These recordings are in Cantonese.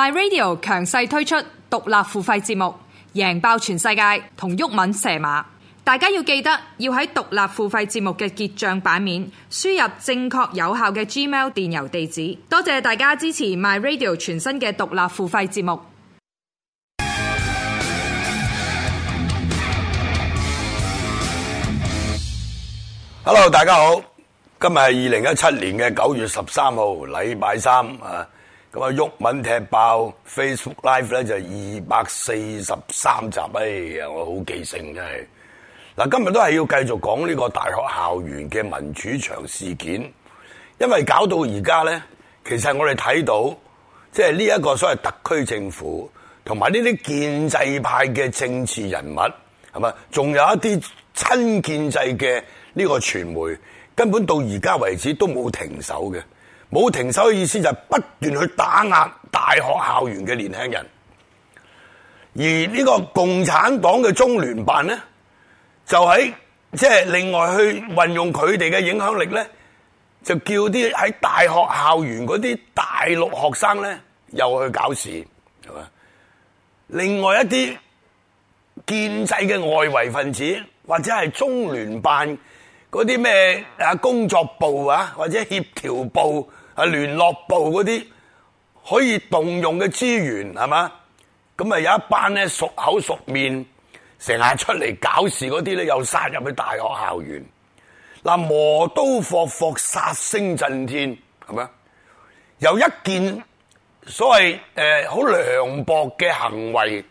My Radio 強勢推出獨立付費節目，贏爆全世界同毓民蛇馬，大家要記得要喺獨立付費節目嘅結賬版面輸入正確有效嘅 Gmail 電郵地址。多謝大家支持 My Radio 全新嘅獨立付費節目。Hello，大家好，今日係二零一七年嘅九月十三號，禮拜三啊。咁啊！毓民踢爆 Facebook Live 咧就二百四十三集，哎呀，我好記性真係。嗱，今日都係要繼續講呢個大學校園嘅民主牆事件，因為搞到而家咧，其實我哋睇到，即係呢一個所謂特區政府同埋呢啲建制派嘅政治人物，係咪？仲有一啲親建制嘅呢個傳媒，根本到而家為止都冇停手嘅。冇停手嘅意思就係不斷去打壓大學校園嘅年輕人，而呢個共產黨嘅中聯辦呢，就喺即係另外去運用佢哋嘅影響力呢，就叫啲喺大學校園嗰啲大陸學生呢，又去搞事係嘛，另外一啲建制嘅外圍分子或者係中聯辦嗰啲咩啊工作部啊或者協調部。係聯絡部嗰啲可以動用嘅資源係嘛，咁啊有一班咧熟口熟面，成日出嚟搞事嗰啲咧，又殺入去大學校園，嗱，磨刀霍霍殺聲震天係嘛，有一件所謂誒好涼薄嘅行為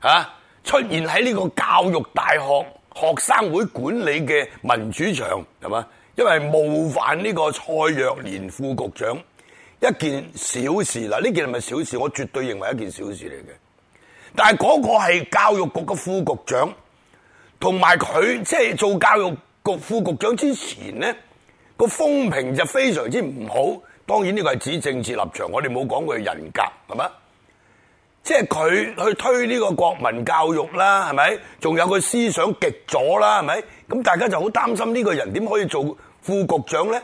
啊，出現喺呢個教育大學學生會管理嘅民主場係嘛。因為冒犯呢個蔡若蓮副局長一件小事，嗱，呢件係咪小事？我絕對認為一件小事嚟嘅。但係嗰個係教育局嘅副局長，同埋佢即係做教育局副局長之前咧，個風評就非常之唔好。當然呢個係指政治立場，我哋冇講佢人格，係咪？即係佢去推呢個國民教育啦，係咪？仲有佢思想極左啦，係咪？咁大家就好擔心呢個人點可以做副局長咧？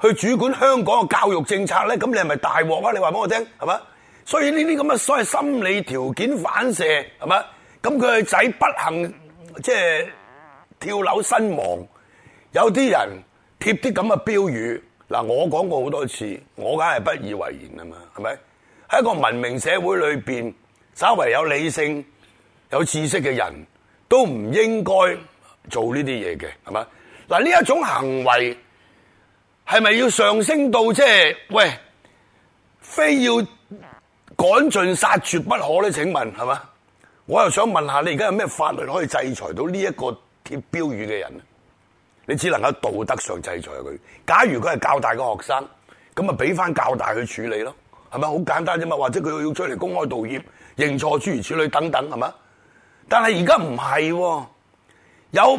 去主管香港嘅教育政策咧？咁你係咪大鑊啊？你話俾我聽係咪？所以呢啲咁嘅所謂心理條件反射係咪？咁佢個仔不幸即係跳樓身亡。有啲人貼啲咁嘅標語嗱，我講過好多次，我梗係不以為然啊嘛，係咪？喺一個文明社會裏邊，稍為有理性、有知識嘅人，都唔應該。做呢啲嘢嘅係嘛？嗱，呢一種行為係咪要上升到即係喂，非要趕盡殺絕不可咧？請問係嘛？我又想問下你，而家有咩法律可以制裁到呢一個貼標語嘅人？你只能喺道德上制裁佢。假如佢係教大嘅學生，咁啊俾翻教大去處理咯，係咪好簡單啫嘛？或者佢要出嚟公開道歉、認錯、諸如此類等等，係嘛？但係而家唔係喎。有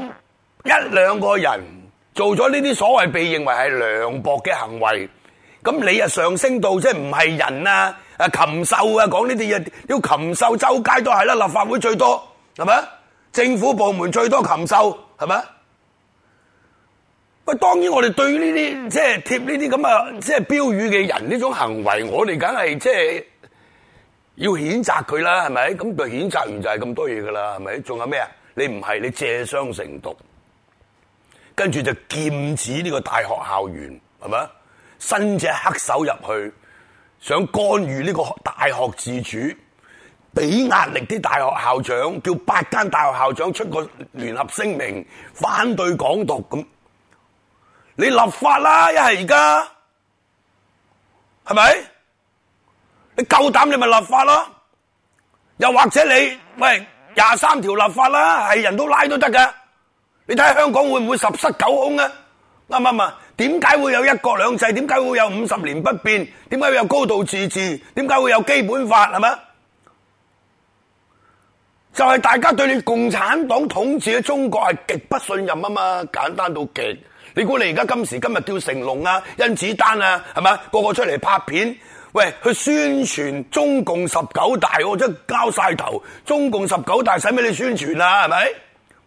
一兩個人做咗呢啲所謂被認為係涼薄嘅行為，咁你啊上升到即係唔係人啊，啊禽獸啊，講呢啲嘢，要禽獸周街都係啦，立法會最多係咪？政府部門最多禽獸係咪？喂，當然我哋對呢啲即係貼呢啲咁嘅即係標語嘅人呢種行為，我哋梗係即係要譴責佢啦，係咪？咁就譴責完就係咁多嘢噶啦，係咪？仲有咩啊？你唔係，你借商成毒，跟住就劍指呢個大學校園，係咪？伸隻黑手入去，想干預呢個大學自主，俾壓力啲大學校長，叫八間大學校長出個聯合聲明，反對港獨咁。你立法啦，一係而家，係咪？你夠膽你咪立法咯，又或者你，喂？廿三條立法啦，係人都拉都得噶。你睇下香港會唔會十室九空啊？啱唔啱？點解會有一國兩制？點解會有五十年不變？點解會有高度自治？點解會有基本法？係咪？就係大家對你共產黨統治嘅中國係極不信任啊嘛！簡單到極。你估你而家今時今日叫成龍啊、甄子丹啊，係咪？個個出嚟拍片。喂，去宣傳中共十九大，我真係交晒頭。中共十九大使乜你宣傳啦？係咪？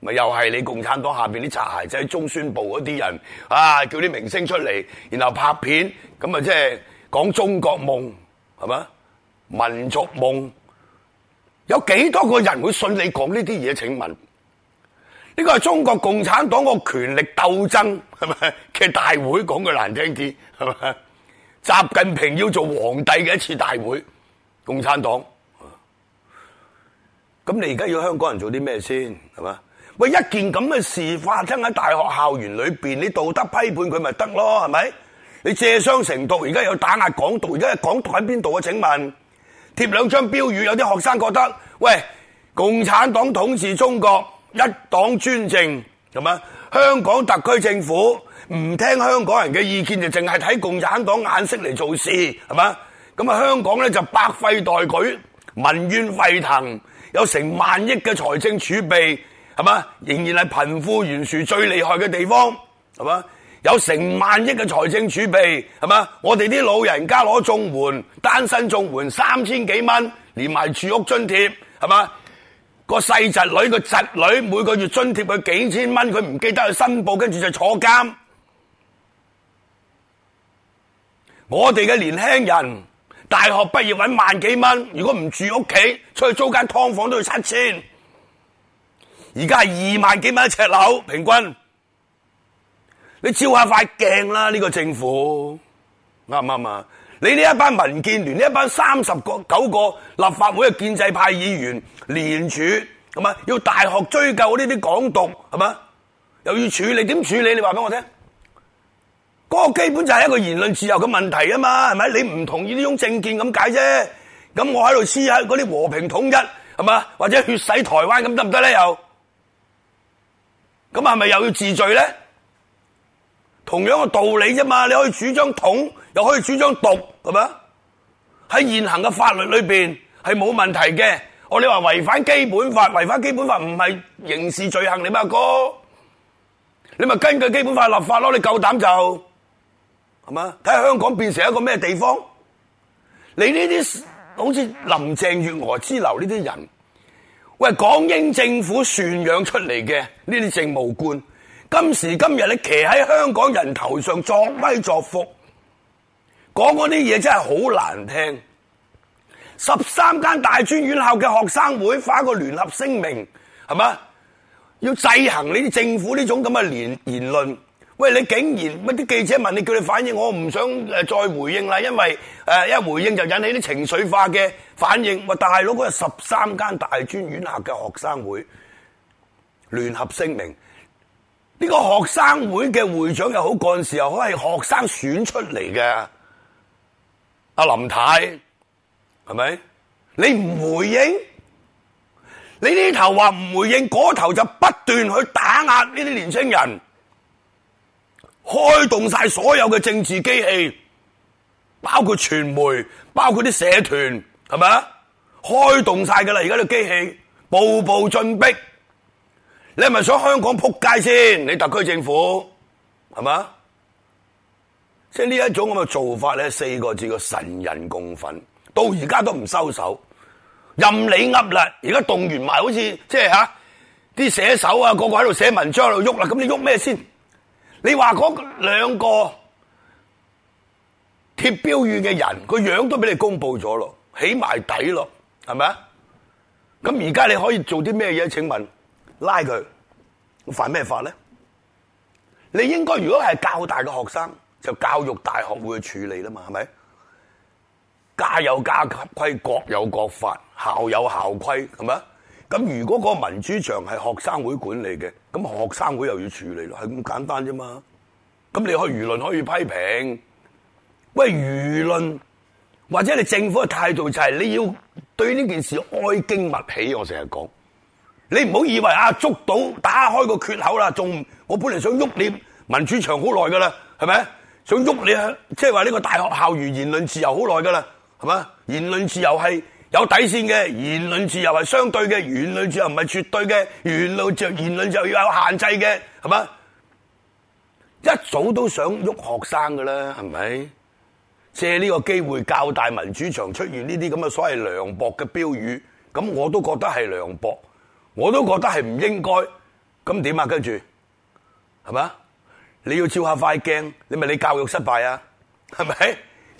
咪又係你共產黨下邊啲擦鞋仔、中宣部嗰啲人啊？叫啲明星出嚟，然後拍片，咁啊，即係講中國夢，係嘛？民族夢，有幾多個人會信你講呢啲嘢？請問，呢個係中國共產黨個權力鬥爭係咪？其實大會講句難聽啲係咪？是習近平要做皇帝嘅一次大會，共產黨，咁你而家要香港人做啲咩先係嘛？喂，一件咁嘅事發生喺大學校園裏邊，你道德批判佢咪得咯？係咪？你借商成毒，而家有打壓港獨，而家係港獨喺邊度啊？請問貼兩張標語，有啲學生覺得喂，共產黨統治中國，一黨專政，係嘛？香港特區政府。唔聽香港人嘅意見就淨係睇共產黨眼色嚟做事，係嘛？咁啊，香港咧就百廢待舉，民怨沸騰，有成萬億嘅財政儲備，係嘛？仍然係貧富懸殊最厲害嘅地方，係嘛？有成萬億嘅財政儲備，係嘛？我哋啲老人家攞綜援，單身綜援三千幾蚊，連埋住屋津貼，係嘛？個細侄女個侄女每個月津貼佢幾千蚊，佢唔記得去申報，跟住就坐監。我哋嘅年輕人大學畢業搵萬幾蚊，如果唔住屋企，出去租間劏房都要七千。而家係二萬幾蚊一尺樓平均，你照下塊鏡啦！呢個政府啱唔啱啊？你呢一班民建聯呢一班三十個九個立法會嘅建制派議員聯署，係咪要大學追究呢啲港獨？係咪又要處理？點處理？你話俾我聽。我、哦、基本就係一個言論自由嘅問題啊嘛，係咪？你唔同意呢種政見咁解啫？咁我喺度試下嗰啲和平統一，係嘛？或者血洗台灣咁得唔得咧？又咁係咪又要自罪咧？同樣嘅道理啫嘛，你可以主張統，又可以主張獨，係咪？喺現行嘅法律裏邊係冇問題嘅。我你話違反基本法，違反基本法唔係刑事罪行，你咩哥，哥？你咪根據基本法立法咯，你夠膽就。係嘛？睇下香港變成一個咩地方？你呢啲好似林鄭月娥之流呢啲人，喂，港英政府豢養出嚟嘅呢啲政務官，今時今日你騎喺香港人頭上作威作福，講嗰啲嘢真係好難聽。十三間大專院校嘅學生會發一個聯合聲明，係嘛？要制衡呢啲政府呢種咁嘅言言論。喂，你竟然乜啲記者問你，叫你反應，我唔想誒再回應啦，因為誒一回應就引起啲情緒化嘅反應。喂，大佬，嗰十三間大專院校嘅學生會聯合聲明，呢個學生會嘅會長又好，幹事又好，係學生選出嚟嘅。阿林太係咪？你唔回應，你呢頭話唔回應，嗰頭就不斷去打壓呢啲年輕人。開動晒所有嘅政治機器，包括傳媒，包括啲社團，係咪啊？開動晒㗎啦，而家啲機器步步進逼，你係咪想香港撲街先？你特區政府係咪啊？即係呢一種咁嘅做法咧，四個字嘅神人共憤，到而家都唔收手，任你噏啦。而家動員埋，好似即係吓啲寫手啊，個個喺度寫文章喺度喐啦，咁你喐咩先？你話嗰兩個貼標語嘅人，個樣都俾你公布咗咯，起埋底咯，係咪啊？咁而家你可以做啲咩嘢？請問拉佢犯咩法咧？你應該如果係教大嘅學生，就教育大學會去處理啦嘛，係咪？家有家規，各有各法，校有校規，係咪啊？咁如果個民主牆係學生會管理嘅？咁學生會又要處理咯，係咁簡單啫嘛。咁你可以輿論可以批評，喂輿論或者你政府嘅態度就係你要對呢件事哀矜勿喜，我成日講。你唔好以為啊捉到，打開個缺口啦，仲我本嚟想喐你民主牆好耐噶啦，係咪？想喐你啊，即係話呢個大學校園言論自由好耐噶啦，係咪？言論自由係。有底線嘅言論自由係相對嘅，言論自由唔係絕對嘅，言論就言論就要有限制嘅，係嘛？一早都想喐學生噶啦，係咪？借呢個機會教大民主牆出現呢啲咁嘅所謂涼薄嘅標語，咁我都覺得係涼薄，我都覺得係唔應該。咁點啊？跟住係咪？你要照下塊鏡，你咪你教育失敗啊？係咪？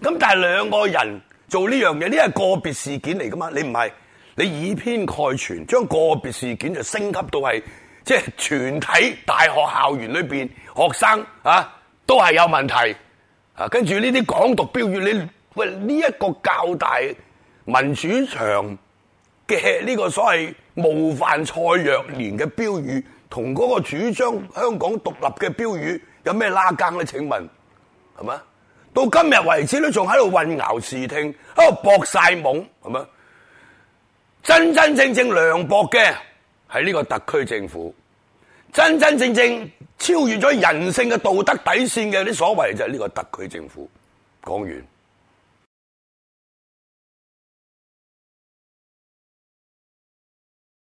咁但係兩個人。做呢樣嘢，呢係個別事件嚟㗎嘛？你唔係，你以偏概全，將個別事件就升級到係即係全體大學校園裏邊學生啊都係有問題啊。跟住呢啲港獨標語，你喂呢一個教大民主牆嘅呢個所謂冒犯蔡若蓮嘅標語，同嗰個主張香港獨立嘅標語有咩拉更咧？請問係嘛？到今日為止，都仲喺度混淆視聽，喺度博晒懵，係 咪？真真正正涼薄嘅，係呢個特區政府，真真正正超越咗人性嘅道德底線嘅，啲所謂就係呢個特區政府。講完。